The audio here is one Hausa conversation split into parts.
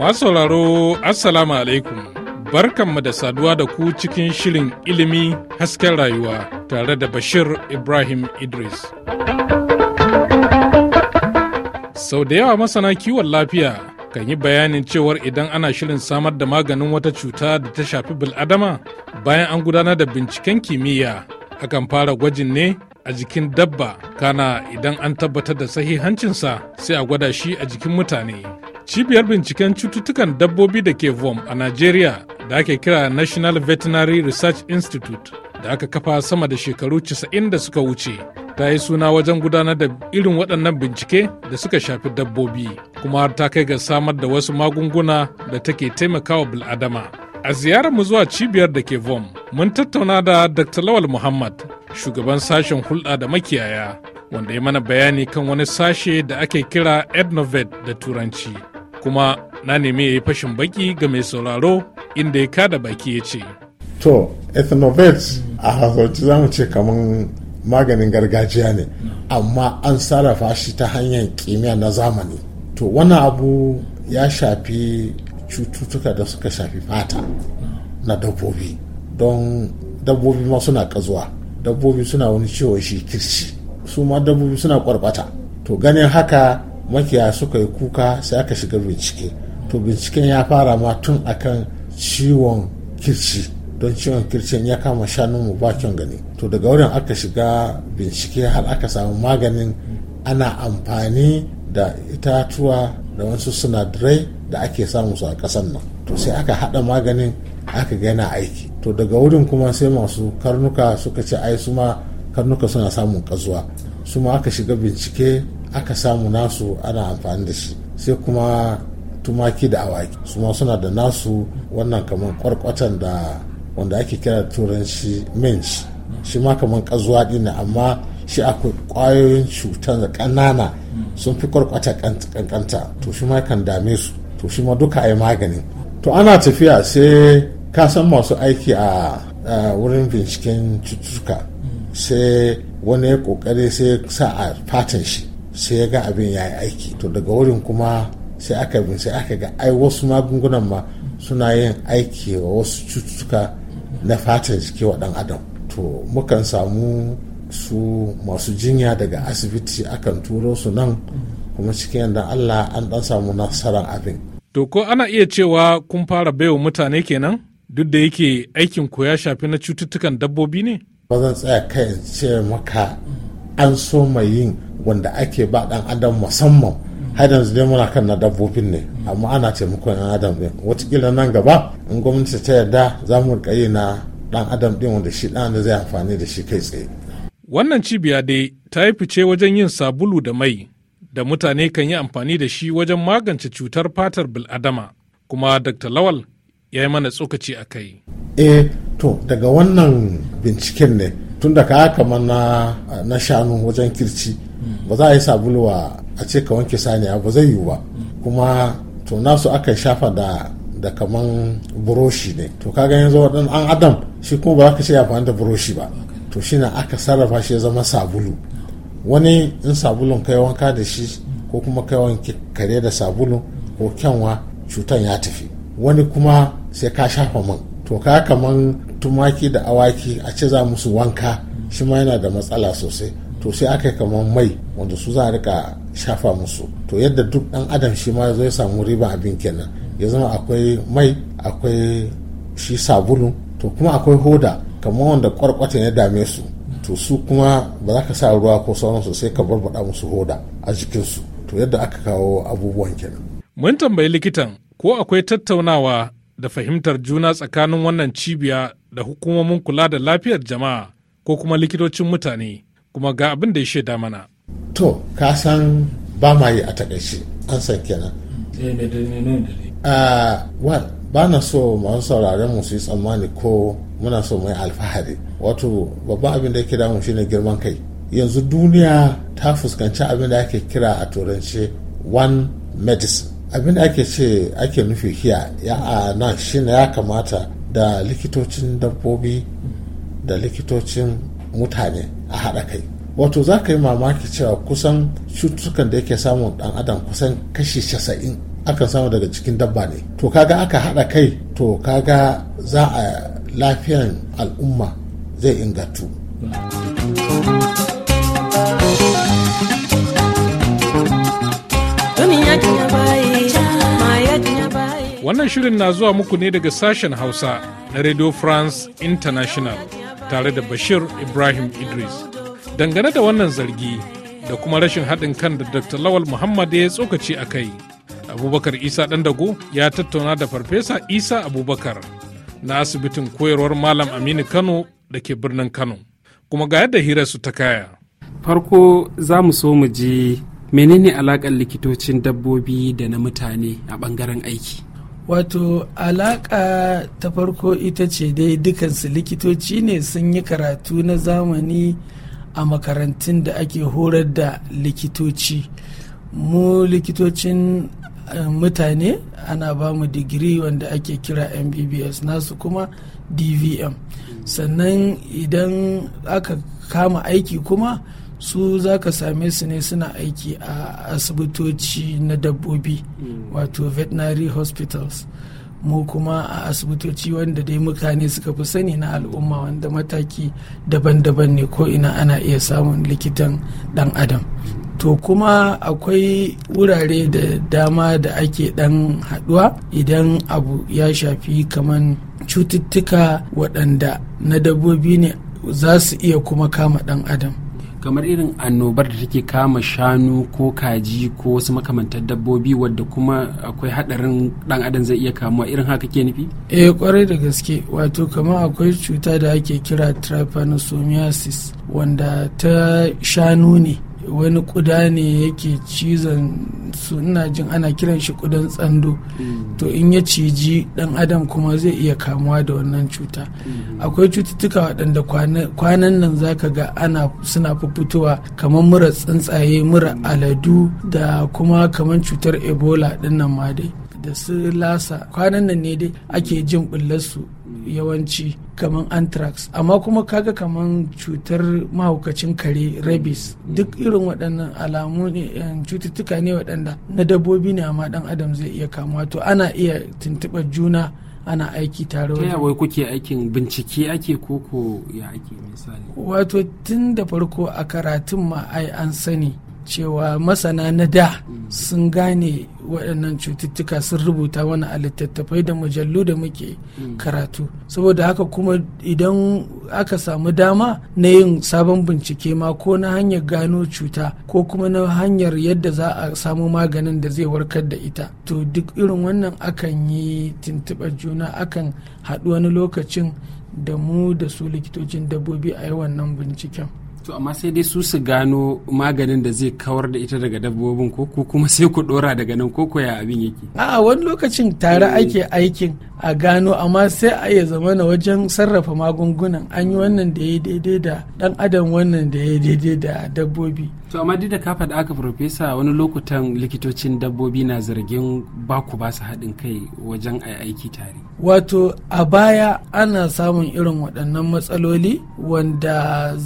Masu sauraro Assalamu alaikum barkanmu da saduwa da ku cikin shirin ilimi hasken rayuwa tare da Bashir Ibrahim Idris. Sau da yawa masana kiwon lafiya kan yi bayanin cewar idan ana shirin samar da maganin wata cuta da ta shafi bil'adama bayan an gudanar da binciken kimiyya akan fara gwajin ne a jikin dabba kana idan an tabbatar da sahihancinsa sai a gwada shi a jikin mutane cibiyar binciken cututtukan dabbobi da ke vom a nigeria da ake kira national veterinary research institute da aka kafa sama da shekaru 90 da suka wuce ta yi suna wajen gudanar da irin waɗannan bincike da suka shafi dabbobi kuma har ta kai ga samar da wasu magunguna da take taimakawa bil'adama a ziyararmu zuwa cibiyar da ke vom mun tattauna da dr lawal muhammad shugaban sashen hulɗa da makiyaya wanda ya mana bayani kan wani sashe da ake kira ednovet da turanci kuma na nemi ya yi fashin baki ga mai sauraro inda ya kada baki ya ce to ethnovet a hausance za mu ce kamar maganin gargajiya ne amma an sarrafa shi ta hanyar kimiyya na zamani to wani abu ya shafi cututtuka da suka shafi fata na dabbobi don dabbobi ma suna kazuwa dabbobi suna wani ciwo shi kirci su ma dabbobi suna kwarbata to ganin haka makiya suka yi kuka sai aka shiga bincike to binciken ya fara ma tun akan ciwon kirci don ciwon kircin ya kama shanun mu bakin gani to daga wurin aka shiga bincike har aka samu maganin ana amfani da itatuwa da wasu sinadarai da ake samu su a ƙasar nan to sai aka haɗa maganin aka gana aiki to daga wurin kuma sai masu karnuka suka ce ai suma karnuka suna samun kazuwa suma aka shiga bincike aka samu nasu ana amfani da shi sai kuma tumaki da awaki suma suna da nasu wannan kamar kwarkwatan da wanda ake kira turanci minch shi ma kamar kazuwa ne amma shi akwai kwayoyin cutar da ƙanana sun fi kwarkwata kankanta to shi ma kan dame su to shi ma duka a magani to ana tafiya sai ka san masu aiki a wurin binciken cututtuka sai wani ya kokare sai sa a fatan shi sai ya ga abin ya yi aiki to daga wurin kuma sai aka bin sai aka ga ai wasu magungunan ma suna yin aiki wa wasu cututtuka na fatan jiki wa dan adam to mukan samu su masu jinya daga asibiti akan turo su nan kuma cikin yadda Allah an dan samu nasarar abin. To ko ana iya cewa kun fara baiwa mutane kenan? duk da yake aikin ku ya shafi na cututtukan dabbobi ne ba zan tsaya kai in ce maka an so mai yin wanda ake ba dan adam musamman har yanzu dai muna kan na dabbobin ne amma ana taimakon yan adam din watakila nan gaba in gwamnati ta yarda za mu rika yi na dan adam din wanda shi dan zai amfani da shi kai tsaye wannan cibiya dai ta yi fice wajen yin sabulu da mai da mutane kan yi amfani da shi wajen magance cutar fatar bil'adama kuma dr lawal ya yi mana tsokaci a kai. Eh, to daga wannan binciken ne tun da kaya kama na, shanu wajen kirci ba za a yi sabulu a ce ka wanke saniya ba zai yiwu ba kuma to nasu aka shafa da da kaman buroshi ne to kaga yanzu waɗan an adam shi kuma ba za ka ce ya da buroshi ba to shi na aka sarrafa shi ya zama sabulu wani in sabulun kai wanka da shi ko kuma kai wanke kare da sabulu ko kyanwa cutan ya tafi wani kuma sai ka shafa man to ka kaman tumaki da awaki a ce za musu wanka shi ma yana da matsala sosai to sai aka yi kaman mai wanda su za a rika shafa musu to yadda duk dan adam shi ma zai samu riba abin kenan ya zama akwai mai akwai shi sabulu to kuma akwai hoda kamar wanda kwarkwata ya dame su to su kuma ba za ka sa ruwa ko sauransu sai ka barbada musu hoda a jikinsu to yadda aka kawo abubuwan kenan mun tambayi likitan ko akwai tattaunawa da fahimtar juna tsakanin wannan cibiya da hukumomin kula da lafiyar jama'a ko kuma likitocin mutane kuma ga abin da ya shaida mana. To, ka san ba ma yi a takaice an san kenan. Eh, ah, ba na so masu sauraron mu su yi tsammani ko muna so mai alfahari wato babban abin da ya kira mu shine girman kai yanzu duniya ta fuskanci abin da ake kira a turanci one medicine abin da ake ce ake nufi hiya ya a nan shine ya kamata da likitocin dabbobi da likitocin mutane a haɗa kai wato za ka yi mamaki cewa kusan cututtukan da yake samun ɗan adam kusan kashi casa'in akan samu daga cikin dabba ne to kaga aka haɗa kai to kaga za a lafiyan al'umma zai ingantu. Wannan shirin na zuwa muku ne daga sashen Hausa na Radio France International tare da Bashir Ibrahim Idris. Dangane da wannan zargi da kuma rashin haɗin kan da Dr. Lawal Muhammad ya tsokaci a kai, Abubakar Isa Dandago ya tattauna da Farfesa Isa Abubakar na asibitin koyarwar Malam Aminu Kano da ke birnin Kano. Kuma ga yadda su ta kaya. Farko za mu so mu ji menene alaƙar likitocin dabbobi da na mutane a ɓangaren aiki. wato alaka ta farko ita ce dai dukansu likitoci ne sun yi karatu na zamani a makarantun da ake horar da likitoci mu likitocin eh, mutane ana ba mu digiri wanda ake kira mbbs nasu kuma dvm sannan idan aka kama aiki kuma su za ka same su ne suna aiki a asibitoci na dabbobi mm. wato veterinary hospitals mu kuma a asibitoci wanda dai mutane suka fi sani na al'umma wanda mataki daban-daban ne ko ina ana iya samun likitan dan adam to kuma akwai wurare da dama da ake dan haduwa idan abu ya shafi kaman cututtuka waɗanda na dabbobi ne za su iya kuma kama dan adam kamar irin annobar da take kama shanu ko kaji ko wasu makamantar dabbobi wadda kuma akwai hadarin dan adam zai iya kamuwa irin haka ke nufi eh kwarai da gaske wato kamar akwai cuta da ake kira trypanosomiasis wanda ta shanu ne wani kuda ne yake cizon su ina jin ana kiran shi kudan tsando mm. to in ya ciji dan adam kuma zai iya kamuwa da wannan cuta mm. akwai cututtuka waɗanda kwanan nan zaka ga ana suna fitowa kamar mura tsuntsaye mura aladu da kuma kamar cutar ebola dinnan ma dai da su lasa kwanan nan ne dai ake jin su yawanci kamar anthrax amma kuma kaga kamar cutar mahaukacin kare rabies duk irin waɗannan alamu ne eh, cututtuka ne waɗanda na dabbobi ne amma ɗan adam zai iya kamuwa to ana iya tuntuɓar juna ana aiki tare wajen. wai kuke aikin bincike ake koko ya ake misali. Wato tun da farko a karatun ma ai an sani cewa masana na da sun gane waɗannan cututtuka sun rubuta wani a littattafai da mujallu da muke karatu saboda haka kuma idan aka samu dama na yin sabon bincike ma ko na hanyar gano cuta ko kuma na hanyar yadda za a samu maganin da zai warkar da ita to duk irin wannan akan yi tuntuɓar juna akan haɗu wani lokacin da mu da su likitocin dabbobi a yi wannan binciken to amma sai dai su su gano maganin da zai kawar da ita daga dabbobin ko kuma sai ku dora daga nan ko ya abin yake A'a, wani lokacin tare eh. ake aikin a gano amma sai a iya zama na wajen sarrafa magungunan an yi wannan da ya daidai da dan adam wannan da ya daidai da dabbobi to amma duk da ka faɗa aka farfesa wani lokutan likitocin dabbobi na zargin ba ku ba su haɗin kai wajen a aiki tare wato a baya ana samun irin waɗannan matsaloli wanda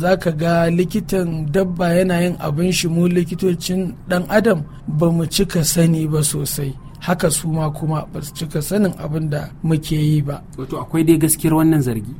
zaka ga likitan dabba yana yin abin shi mu likitocin dan adam ba mu cika sani ba sosai haka su ma kuma ba su cika sanin abin da muke yi ba wato akwai dai gaskiyar wannan zargi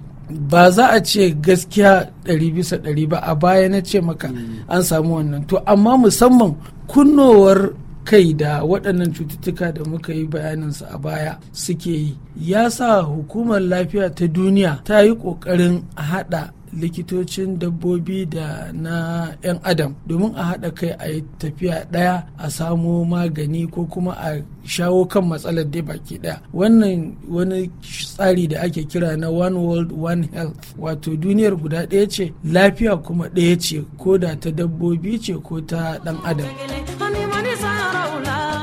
ba za a ce gaskiya ɗari bisa ɗari ba a baya na ce maka hmm. an samu wannan to amma musamman kunnowar kai da waɗannan cututtuka da muka yi bayaninsu a baya suke yi ya sa hukumar lafiya ta duniya ta yi ƙoƙarin haɗa likitocin dabbobi da na 'yan adam domin a haɗa kai a yi tafiya ɗaya a samo magani ko kuma a shawo kan matsalar dai baki ɗaya wannan wani tsari da ake kira na one world one health wato duniyar guda ɗaya ce lafiya kuma ɗaya ce ko da ta dabbobi ce ko ta ɗan adam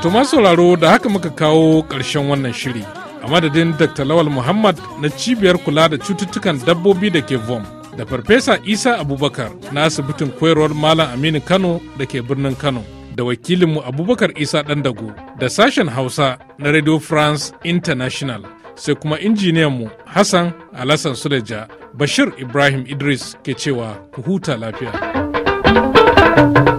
to sauraro da haka muka kawo ƙarshen wannan shiri a madadin dr lawal muhammad na cibiyar kula da cututtukan dabbobi da ke vom da farfesa isa abubakar na asibitin koyarwar malam aminu kano da ke birnin kano da wakilinmu abubakar isa dandago da sashen hausa na radio france international sai kuma injiniyanmu hassan alassan suleja bashir ibrahim idris ke cewa ku huta lafiya. thank you